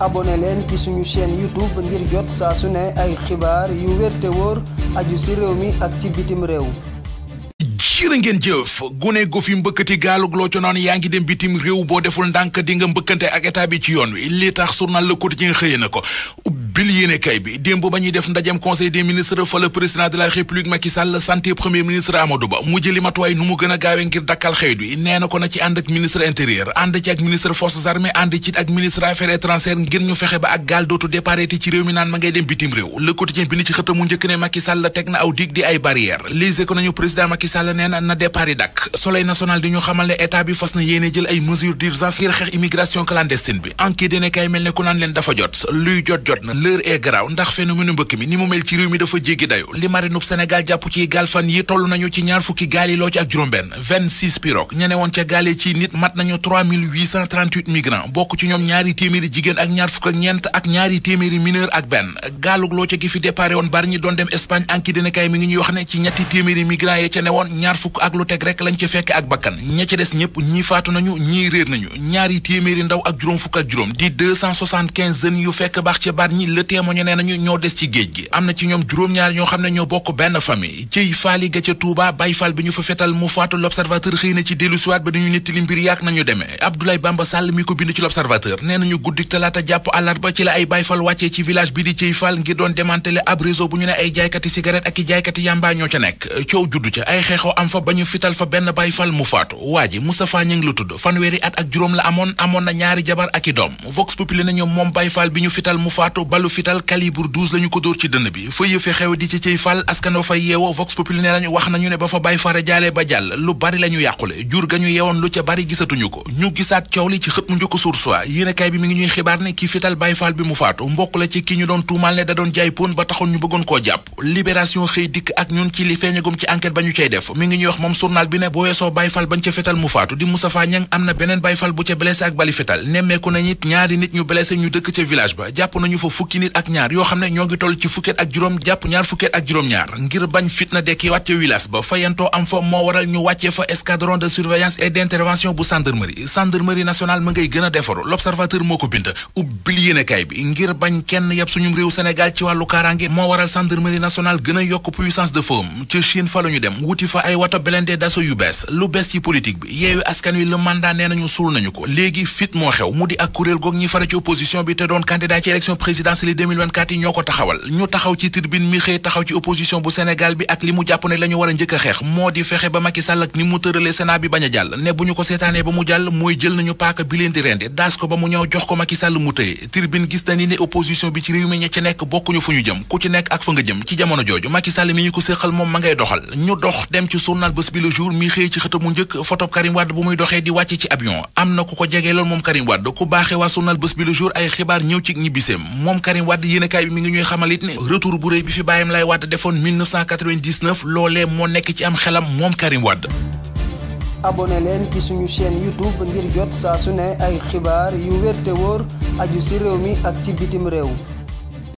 abonné leen ci suñu chaîne YouTube ngir jot saa su ne ay xibaar yu wér te wóor aju ci réew mi ak ci bitim réew. jërë ngeen jëf gune gu fi mbëkkati gaalug loo co naan yaa ngi dem bitim réew boo deful ndànk di nga mbëkkante ak état bi ci yoon wi li tax su journal Le Quotidien xëye na ko ubbil yéene kay bi démb ba ñuy def ndajem conseil des ministres fa la président de la république Macky santé premier ministre Amadou Ba mu jëli matuwaay nu mu gën a ngir dakkal xëy bi nee ko na ci ànd ak ministre intérieur ànd ci ak ministre forces armées ànd ci ak ministre affaires étrangères ngir ñu fexe ba ak gaal dootu départé ci réew mi naan ma ngay dem bitim réew le quotidien bi ni ci xëtamu njëkk ne Macky Sall teg na aw dig di ay l'heure est grave mbëkk mi ni mu mel ci réew mi dafa jéggi dayo li marinub jàpp ci gaal fan yi toll nañu ci ñaar fukki gaal yi loo ak juróom-benn 26 pirogue ñene woon ca gaale ci nit mat nañu migrants bokk ci ñoom ñaari téeméeri jigéen ak ñaar fukk ak ñeent ak ñaari téeméeri mineur ak benn gaalug loo gi fi déparé woon bari ñi doon dem Espagne anki dina mi ngi ñuy wax ne ci ñetti téeméeri migrants yi ca ne woon ñaar fukk ak lu teg le témoigné nee nañu ñoo des ci géej gi am na ci ñoom juróom-ñaar ñoo xam ne ñoo bokk benn famille jëy faali ga ca Touba Baye Fall bi ñu fa fetal mu faatu l'observateur ba i jaaykati yàmbaa ñoo ca nekk fa ba ñu fital fa benn Baye Fall mu faatu waa ji Moustapha Ñing lu tudd fanweeri at ak juróom la amoon amoon na ñaari jabar ak i doom vox populi nañu moom Baye Fall bi ñu fital mu faatu balu fital calibre 12 la ñu ko dóor ci dënn bi fa yëfe xew di ci ciy fal askano fa yeewoo vox populi ne nañu wax nañu ne ba fa bay fara ba jàll lu bari la yàqule jur ga ñu yewoon lu ca bari gisatuñu ko ñu gisaat coow li ci xët mu njëkk sursoi yéenekaay bi mi ngi ñuy xibaar ne ki fital bay faal bi mu faatu mbokk la ci ki ñu doon tuumaal ne da doon jaay pon ba taxoon ñu bëggoon koo jàpp libération xëy dikk ak ñun ci li ci enquête ba ñu cay def fukki nit ak ñaar yoo xam ne ñoo ngi toll ci fukket ak juróom jàpp ñaar fukket ak juróom-ñaar ngir bañ fitna dekki wàcce wilaas ba fayantoo am fa moo waral ñu wàccee fa escadron de surveillance et d'intervention bu gendarmerie gendarmerie nationale ma ngay gën a defaru l'observateur moo ko bind ubbil yéenekaay bi ngir bañ kenn yab suñum réew Sénégal ci wàllu kaaraange moo waral gendarmerie nationale gën yokk puissance de feu ci Chine fa la dem wuti fa Saly 2024 yi ñoo ko taxawal ñu taxaw ci tribune mi xëy taxaw ci opposition bu Sénégal bi ak li mu jàpp ne la ñu njëkk xeex moo di fexe ba Macky ak ni mu tëralee Sénat bi bañ a jàll ne bu ñu ko seetaanee ba mu jàll mooy jël nañu paaka bi leen di rendi daas ko ba mu ñëw jox ko Macky mu tëye tribune gis na ni ne opposition bi ci réew mi ña ci nekk bokkuñu fu ñu jëm ku ci nekk ak fa nga jëm ci jamono jooju Macky mi ñu ko séqal moom ma ngay dox Karim Wade yéenekaay bi mi ngi ñuy xamal it ne retour bu rëy bi fi bàyyam lay Wade defoon 1999 loolee moo nekk ci am xelam moom Karim Wade abonné leen ci suñu chaîne YouTube ngir jot saa su ne ay xibaar yu wér te wóor aju ci réew mi ak ci bitim réew